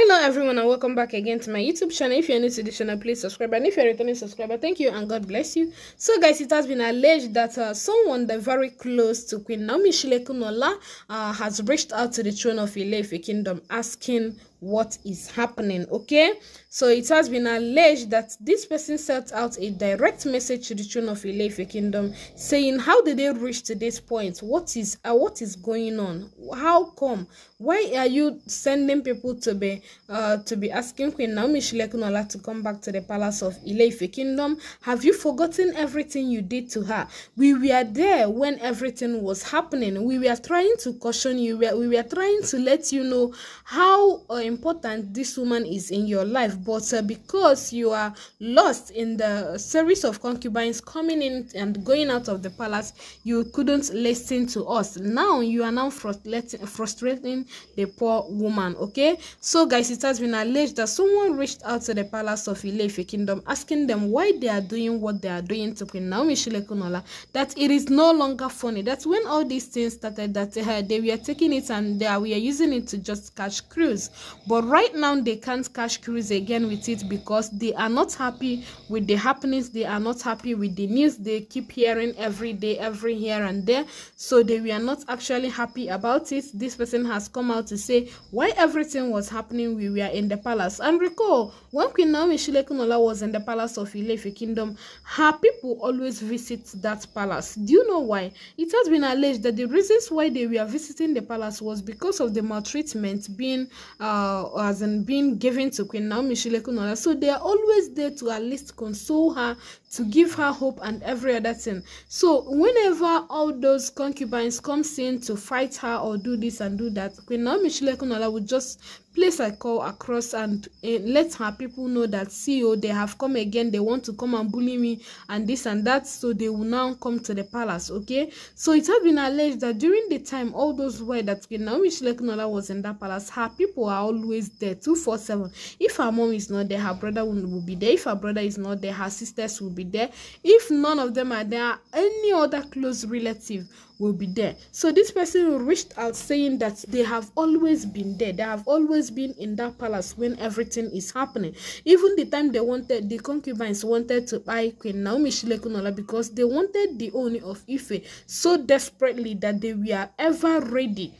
hello everyone and welcome back again to my youtube channel if you're new to this channel please subscribe and if you're a returning subscriber thank you and god bless you so guys it has been alleged that uh, someone that very close to queen naomi shilekunola uh, has reached out to the throne of ilefe kingdom asking what is happening okay so it has been alleged that this person sent out a direct message to the throne of Ilefe kingdom saying how did they reach to this point what is uh, what is going on how come why are you sending people to be uh, to be asking Queen Naomi Shilekunola to come back to the palace of Ileife Kingdom. Have you forgotten everything you did to her? We were there when everything was happening. We were trying to caution you. We were, we were trying to let you know how uh, important this woman is in your life. But uh, because you are lost in the series of concubines coming in and going out of the palace, you couldn't listen to us. Now you are now frustrating, frustrating the poor woman. Okay, so guys, it has been alleged that someone reached out to the palace of Ilefe Kingdom asking them why they are doing what they are doing to Queen Naomi Shilekunola, that it is no longer funny, that when all these things started, that uh, they were taking it and they are using it to just catch crews. But right now, they can't catch crews again with it because they are not happy with the happenings, they are not happy with the news they keep hearing every day, every here and there. So they were not actually happy about it. This person has come out to say why everything was happening happening, we were in the palace. And recall, when Queen Naomi Shilekunola was in the palace of Ilefe Kingdom, her people always visit that palace. Do you know why? It has been alleged that the reasons why they were visiting the palace was because of the maltreatment being, uh, as in being given to Queen Naomi Shilekunola. So they are always there to at least console her, to give her hope and every other thing. So whenever all those concubines come in to fight her or do this and do that, Queen Naomi Shilekunola would just place a call across and uh, let her people know that CEO oh, they have come again, they want to come and bully me and this and that, so they will now come to the palace. Okay, so it has been alleged that during the time all those were that Queen Naomi Shilekunola was in that palace, her people are always there 247. If her mom is not there, her brother will be there. If her brother is not there, her sisters will be there. If none of them are there, any other close relative will be there. So this person reached out saying that they have always been there. They have always been in that palace when everything is happening. Even the time they wanted, the concubines wanted to buy Queen Naomi Shilekunola because they wanted the owner of Ife so desperately that they were ever ready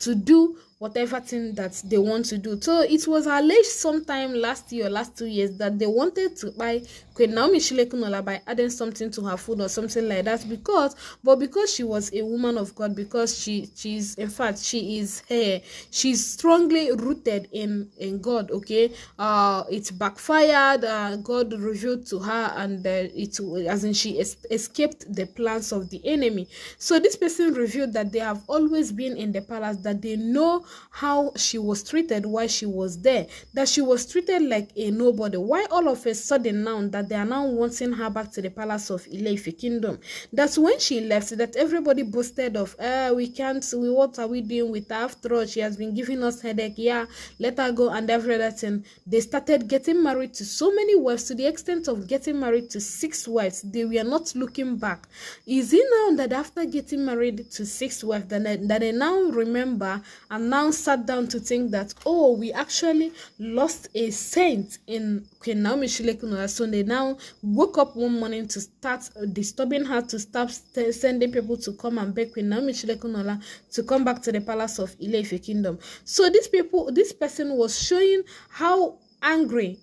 to do whatever thing that they want to do. So it was alleged sometime last year, last two years, that they wanted to buy Queen Naomi Shilekunola by adding something to her food or something like that. Because, but because she was a woman of God, because she she's in fact she is here, she's strongly rooted in in God. Okay, uh, it backfired. Uh, God revealed to her, and uh, it as in she es- escaped the plans of the enemy. So this person revealed that they have always been in the palace, that they know how she was treated while she was there, that she was treated like a nobody. Why all of a sudden now that they are now wanting her back to the palace of Ileife kingdom? That's when she left, that everybody boasted of, uh, we can't, we, what are we doing with her? After all, she has been giving us headache. Yeah, let her go and every other thing. They started getting married to so many wives to the extent of getting married to six wives. They were not looking back. Is it now that after getting married to six wives, that they, that they now remember and now now sat down to think that oh we actually lost a saint in Queen Naomi Shilekunola so they now woke up one morning to start disturbing her to stop st sending people to come and beg Queen Naomi Shilekunola to come back to the palace of Ileife kingdom so these people this person was showing how angry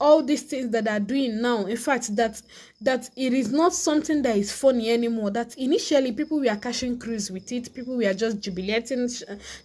all these things that are doing now in fact that that it is not something that is funny anymore that initially people were cashing crews with it people were just jubilating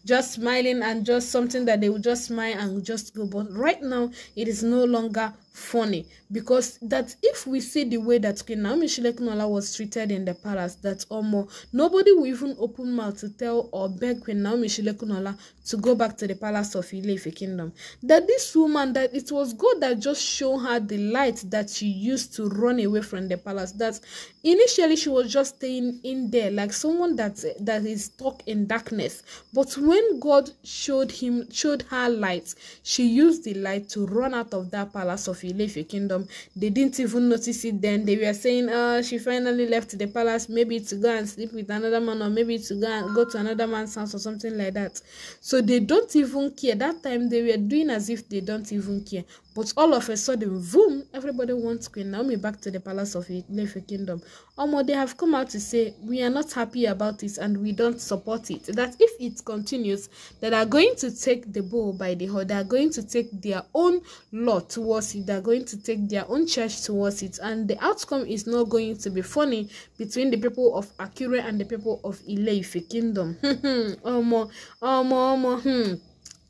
just smiling and just something that they would just smile and just go but right now it is no longer funny because that if we see the way that Queen Naomi Shilekunola was treated in the palace, that almost nobody will even open mouth to tell or beg Queen Naomi Shilekunola to go back to the palace of Ilefe Kingdom. That this woman, that it was God that just show her the light that she used to run away from the palace. That initially she was just staying in there like someone that that is stuck in darkness. But when God showed him showed her light, she used the light to run out of that palace of Ilefe kingdom. They didn't even notice it then. They were saying, "Oh, she finally left the palace. Maybe to go and sleep with another man, or maybe to go and go to another man's house or something like that." So they don't even care. That time they were doing as if they don't even care. But all of a a sudden, boom, everybody wants Queen Naomi back to the palace of Ilefe kingdom. Omo, they have come out to say, we are not happy about this and we don't support it. That if it continues, that are going to take the bull by the horn. They are going to take their own law towards it. They are going to take their own church towards it. And the outcome is not going to be funny between the people of Akure and the people of Ileife kingdom. Hmm, hmm. Omo, omo, omo, hmm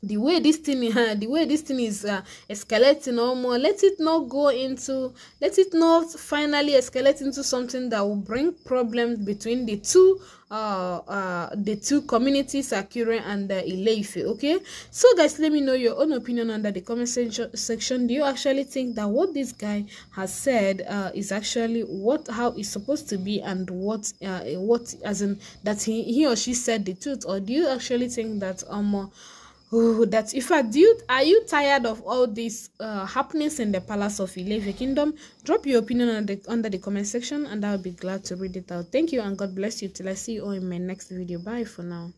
the way this thing uh, the way this thing is uh, escalating or more let it not go into let it not finally escalate into something that will bring problems between the two uh, uh, the two communities Akure and uh, Ileife. Okay, so guys, let me know your own opinion under the comment section. Do you actually think that what this guy has said uh, is actually what how it's supposed to be and what uh, what as in that he, he or she said the truth, or do you actually think that um? Uh, Ooh, that if I do, are you tired of all these uh, happenings in the palace of Ilevia Kingdom? Drop your opinion on the, under the comment section and I'll be glad to read it out. Thank you and God bless you till I see you all in my next video. Bye for now.